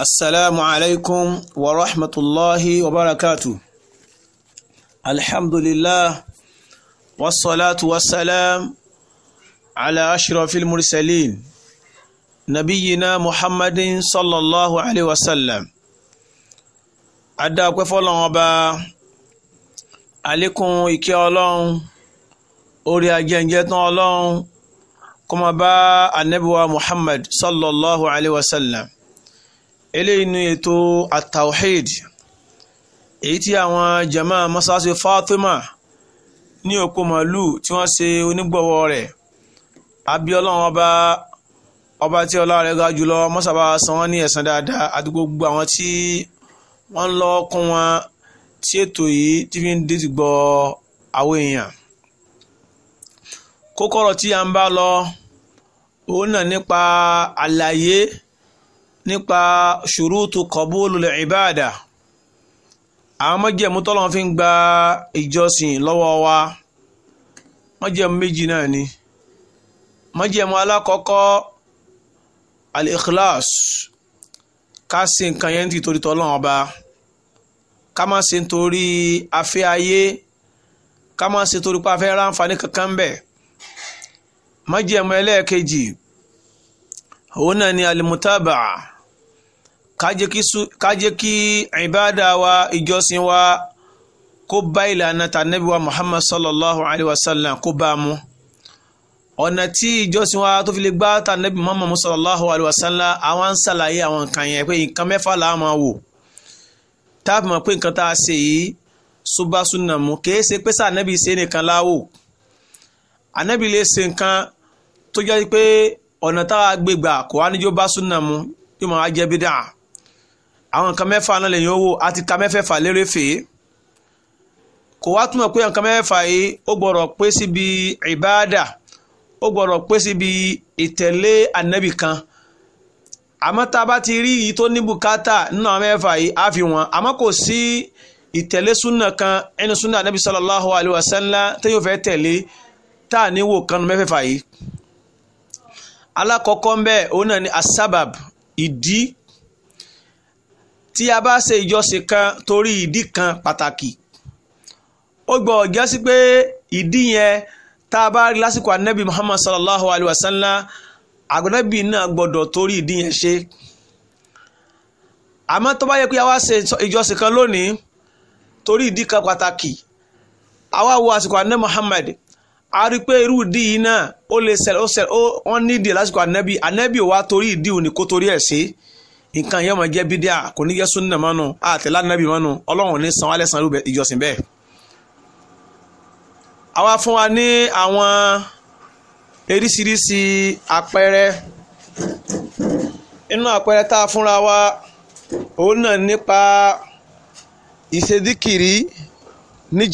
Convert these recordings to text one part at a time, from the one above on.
السلام عليكم ورحمة الله وبركاته الحمد لله والصلاة والسلام على أشرف المرسلين نبينا محمد صلى الله عليه وسلم أدعوك فالله أبا عليكم إكي الله orí ajẹ́njẹ́ tán ọlọ́run kó máa bá anabiwa muhammad sallallahu alayhi wa sallam eléyìí ni ètò atawhid èyí tí àwọn jama masasi Fatima ní òpó màálù tí wọ́n ṣe onígbọ̀wọ́ rẹ̀ abiọ́lọ́run ọba ọba tí ọlá rẹ̀ ga jùlọ mọ́sàbá san wọ́n ní ẹ̀san dáadáa àti gbogbo àwọn tí wọ́n ń lọ́wọ́ kún wọn tí ètò yìí ti fi ń dìtì gbọ́ àwọn èèyàn kókọ́rọ̀ tí a ń bá lọ òun náà nípa àlàyé nípa ṣùrùtù kọ̀bùlù ìbáàdà àwọn májẹ̀mú tọ́lọ́run fi ń gba ìjọsìn lọ́wọ́ wa májẹ̀mú méjì náà ni májẹ̀mú alákọ̀ọ́kọ́ al-ikhlas ká ṣe nǹkan yẹn ti torí tọ́lọ́run ọba ká má ṣe nítorí afẹ́ ayé ká má ṣe torí pé afẹ́ ráǹfààní kankan ń bẹ ẹlẹ́ẹ̀kejì òun náà ni alimutaba'a kájẹ́ kí ìbáàdà wa ìjọsìn wa kó bá ìlànà tànẹ́bí wa muhammad sallallahu alayhi wa sallam kó bá a mú ọ̀nà tí ìjọsìn wa tó fi lè gbá tànẹ́bí muhammad sallallahu alayhi wa sallam àwọn ń ṣàlàyé àwọn nǹkan yẹn pé nǹkan mẹ́fà là á máa wò táàbù mọ̀ pé nǹkan tá a ṣe yìí subasuna mu kìí ṣe pé sànẹ́bí ṣe nìkan láwò ànẹ́bí lè ṣe nǹkan tó jẹ́ pé ọ̀nà táwa gbé gbà kò wá níjó bá súnà mu yóò máa jẹ́ bídà àwọn nǹkan mẹ́fà náà lẹ́yìn owó àti ka mẹ́fẹ̀ẹ̀fà lérè fèé kò wá túmọ̀ pé nǹkan mẹ́fà yìí ó gbọ́dọ̀ pé síbi ìbáàdà ó gbọ́dọ̀ pé síbi ìtẹ̀lé ànábì kan àmọ́ tá a bá ti rí yìí tó ní bùkátà nínú àwọn mẹ́fà yìí á fi wọ́n àmọ́ kò sí ìtẹ̀lé súnà kan ẹni súnà ànábì sallallahu alaihi tẹ́yọ̀ fẹ́ tẹ̀lé tá à ní kan mẹ́fẹ̀ẹ̀fà yìí alákọ̀ọ́kọ́ ń bẹ òun ni asabab ìdí tí a bá ṣe ìjọsìn kan torí ìdí kan pàtàkì ó gbọ́ ọ̀jẹ́ sí pé yẹn tá a bá rí anabi muhammad sallallahu alaihi wa sallam àgbẹ̀nàbì náà gbọ́dọ̀ torí ìdí yẹn ṣe àmọ́ tó bá yẹ pé a wá ṣe ìjọsìn kan lónìí torí ìdí kan pàtàkì àwa wo àsìkò anabi muhammad a rí i pé irú ìdí yìí náà ó lè ṣẹlẹ̀ ó ṣẹlẹ̀ ó wọ́n nídìí lásìkò ànábì ànábì ò wá torí ìdí òní kó torí ẹ̀ ṣe nǹkan yẹn máa jẹ́ bídíà kò ní jẹ́ súnà mọ́nu àtẹ̀lá ànábì mọ́nu ọlọ́run ní san wálẹ̀ san ìjọsìn bẹ́ẹ̀. àwa fún wa ní àwọn eríṣiríṣi àpẹẹrẹ inú àpẹẹrẹ tá a fúnra wa òun náà nípa ìṣedíkìrí ní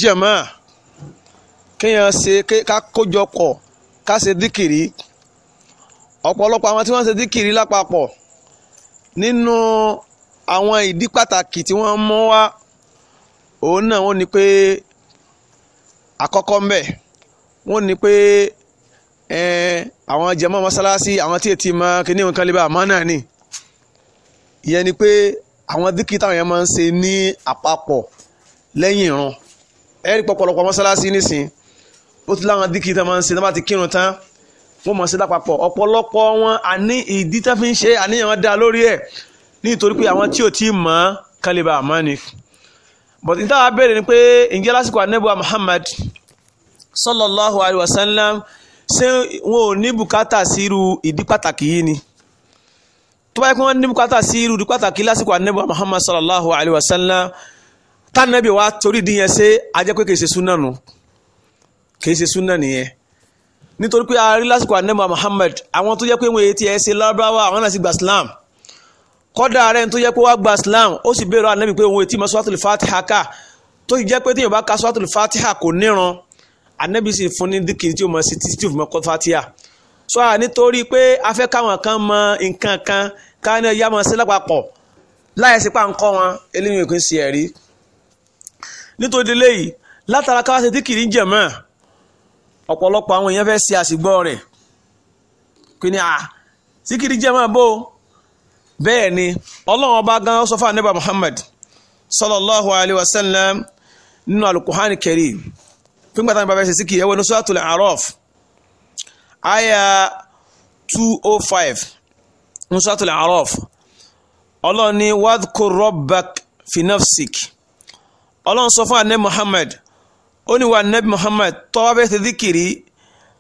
kéèyàn ṣe ká kójọpọ̀ ká ṣe díkìrì ọ̀pọ̀lọpọ̀ àwọn tí wọ́n ṣe díkìrì lápapọ̀ nínú àwọn ìdí pàtàkì tí wọ́n mú wá òun náà wọ́n ní pé àkọ́kọ́ mbẹ̀ wọ́n ní pé àwọn jẹ̀mọ́ mọ́sálásí àwọn tí ètí máa kí ní nǹkan lè bá àmọ́ náà ni ìyẹn ni pé àwọn díkì táwọn yẹn máa ń ṣe ní àpapọ̀ lẹ́yìn irun ẹ̀rí pọ̀pọ̀lọpọ̀ mọ́sálásí nísìn ó ti láwọn díkì tán máa ń ṣe tán bá ti kírun tán wọ́n mọ̀ sí lápapọ̀ ọ̀pọ̀lọpọ̀ wọn àní ìdí tán fi ń ṣe àníyàn wọn dá lórí ẹ̀ nítorí pé àwọn tí ò tí ì mọ̀ ọ́n kán lè ba àmọ́ ni but níta wàá béèrè ni pé ǹjẹ́ lásìkò anábíwá Muhammad sallallahu alayhi wa sallam ṣé wọn ò ní bùkátà sí irú ìdí pàtàkì yìí ni tó bá yẹ kí wọ́n ní bùkátà sí irú ìdí pàtàkì lásìkò anábíwá Muhammad sallallahu alayhi wa sallam tánàbí wa torí ìdí yẹn ṣe ajẹ́ pé kì í ṣe súnà nù kì í ṣe súnà nìyẹn nítorí pé a lásìkò anẹ́mà Muhammad àwọn tó yẹ pé wọ́n ti ẹ̀ ṣe lárúbáwá àwọn náà sì gba Islam kọ́dà rẹ̀ tó yẹ pé wọ́n gba Islam ó sì bèèrè anẹ́bí pé wọ́n ti mọ suratul Fatiha ká tó sì jẹ́ pé téèyàn bá ka suratul Fatiha kò níran anẹ́bí sì fún ní dìkì tí ó mọ sí títí òfin mọ́kọ́ Fatiha sọ à nítorí pé a káwọn kan mọ nǹkan kan káwọn yá mọ sí lápapọ̀ láyé sípà ń wọn eléyìí kì í ẹ̀rí nítorí eléyìí látara káwá ṣe dìkì ní ọ̀pọ̀lọpọ̀ àwọn èèyàn fẹ́ ṣe àṣìgbọ́ rẹ̀ kí ni à síkìrì jẹ́ máa bó bẹ́ẹ̀ ni ọlọ́run ọba gan sọ fún anábà Muhammad sallallahu alayhi wa sallam nínú alukuhan karim fúngbà táwọn bàbá ṣe síkìrì ẹwọ́n ní suratul A'raf aya 205 ní suratul A'raf ọlọ́run ni wadhkur rabbak fi nafsik ọlọ́run sọ fún anábà Muhammad ó ní wa nabi muhammad tó bá fẹ́ ṣe díkìrì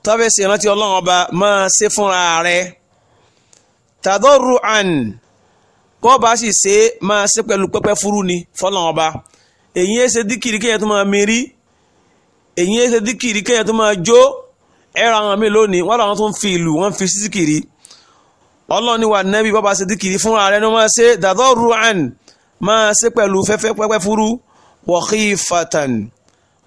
tó bá fẹ́ ṣe ìrántí ọlọ́run ọba máa ṣe fúnra rẹ̀ tadorru'an bó bá sì ṣe máa ṣe pẹ̀lú pẹ́pẹ́ fúrú ni fọlọ́run ọba èyí ẹ ṣe díkìrì kéèyàn tó máa mérí èyí ẹ ṣe díkìrì kéèyàn tó máa jó ẹ̀rọ àwọn mi lónìí wọ́n làwọn tó ń fi ìlú wọ́n fi sísìkìrì ọlọ́run ni wà nẹ́bí bọ́ba ṣe díkìrì fúnra rẹ̀ ni wọ́n ṣe tadorru'an máa ṣe pẹ̀lú fẹ́fẹ́ pẹ́pẹ́ fúrú wọ̀kí fatan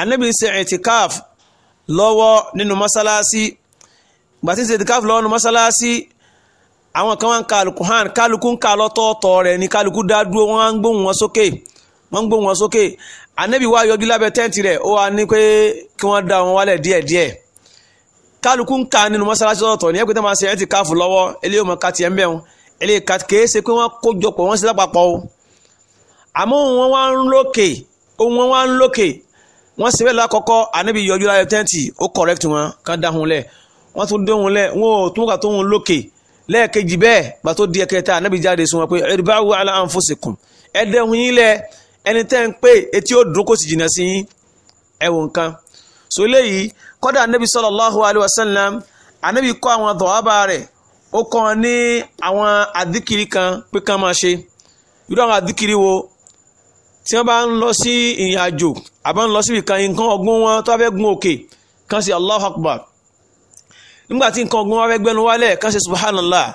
anabi ṣe etikaf lọ́wọ́ nínú mọ́sálásí gbàtí ṣe etikaf lọ́wọ́ nínú mọ́sálásí àwọn kan wá ń ka alukuhan kálukú ń ka lọ́tọ̀ọ̀tọ̀ rẹ̀ ní kálukú dá dúró wọ́n á ń gbóhùn wọn sókè wọ́n ń gbóhùn wọn sókè anabi wá yọjú lábẹ́ tẹ́ǹtì rẹ̀ ó wá ní pé kí wọ́n dá wọn wálẹ̀ díẹ̀díẹ̀ kálukú ń ka nínú mọ́sálásí lọ́tọ̀ ní ẹgbẹ́ta máa ṣe ẹ̀ǹtì káàfù lọ́wọ́ eléyìí ọmọ ká tiẹ̀ ń bẹ̀ eléyìí ká kìí ṣe pé wọ́n kó jọpọ̀ wọ́n sí lápapọ̀ o àmọ́ wọn wá ń lókè wọn wá ń lókè wọ́n ṣe bẹ́ẹ̀ lákọ́kọ́ ànábì yọjú láyọ̀ tẹ́ǹtì ó correct wọn kán dáhùn lẹ̀ wọ́n tún déhùn lẹ̀ wọ́n ò tún kà tóhùn lókè lẹ́ẹ̀kejì bẹ́ẹ̀ gbà tó di ẹ̀kẹta ànábì jáde sun wọn pé irba'u ala anfusikum ẹ dẹ́hùn yín lẹ̀ ẹni tẹ́ ń pè etí ó dùn kó sì jìnnà sí yín ẹ wò nǹkan so eléyìí kọ́dà ànábì sallallahu alayhi wa sallam ànábì kọ́ àwọn dọ̀wábà rẹ̀ ó kọ́ ní àwọn àdìkiri kan pé kán máa ṣe irú àwọn àdìkiri wo tí wọ́n bá ń lọ sí ìrìn àjò àbá ń lọ síbi kan nǹkan ọ̀gbun wọn tó fẹ́ gun òkè kan sí Allahu Akbar nígbà tí nǹkan ọ̀gbun wọn fẹ́ gbẹnu wálẹ̀ kan sí subhanallah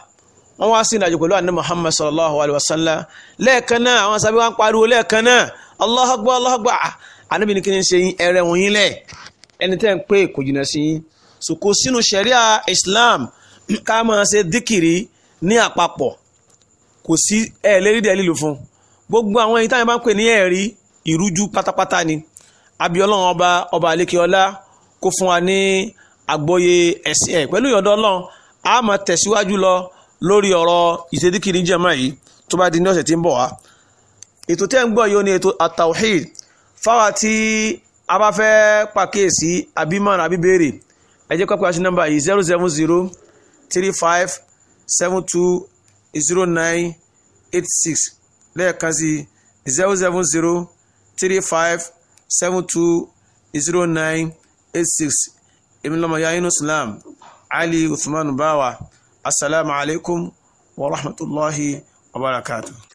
wọ́n wá sí ìrìnàjò pẹ̀lú àná Muhammad sallallahu alayhi wa sallam lẹ́ẹ̀kan náà àwọn sábẹ́ wọn pariwo lẹ́ẹ̀kan náà Allahu Akbar Allahu Akbar ah, ànábì ní kí n ṣe ẹrẹ wọ̀nyí lẹ̀ ẹni tẹ́ ń pè kò jìnnà sí yín so kò sínú ṣẹ̀ríà Islam ká máa ṣe díkìrì ní àpapọ̀ kò sí ẹ̀ẹ́lẹ́rìí dẹ́lílù fún un gbogbo àwọn ẹni táyà bá ń pè ni àbí ọba ọba àlékeọlá kó fún wa ní àgbọ́yé ẹ̀sìn ẹ̀ pẹ̀lú ìyọ̀dọ̀ ọlọ́run a máa tẹ̀síwájú lọ lórí ọ̀rọ̀ ìṣedíkiri jẹ́mọ́ yìí tó bá di ní ọ̀sẹ̀ tí ń bọ̀ wá ètò tẹ́ ń gbọ́ yìí ó ní ètò fáwa tí a bá fẹ́ pàkíyèsí ẹ jẹ́ pápá lẹ́ẹ̀kan sí zero seven zero three five seven two zero nine eight six èmi lọ́mọ ya inú islam ali usman bawa asalaamualeykum wa rahmatulahi wa barakatu.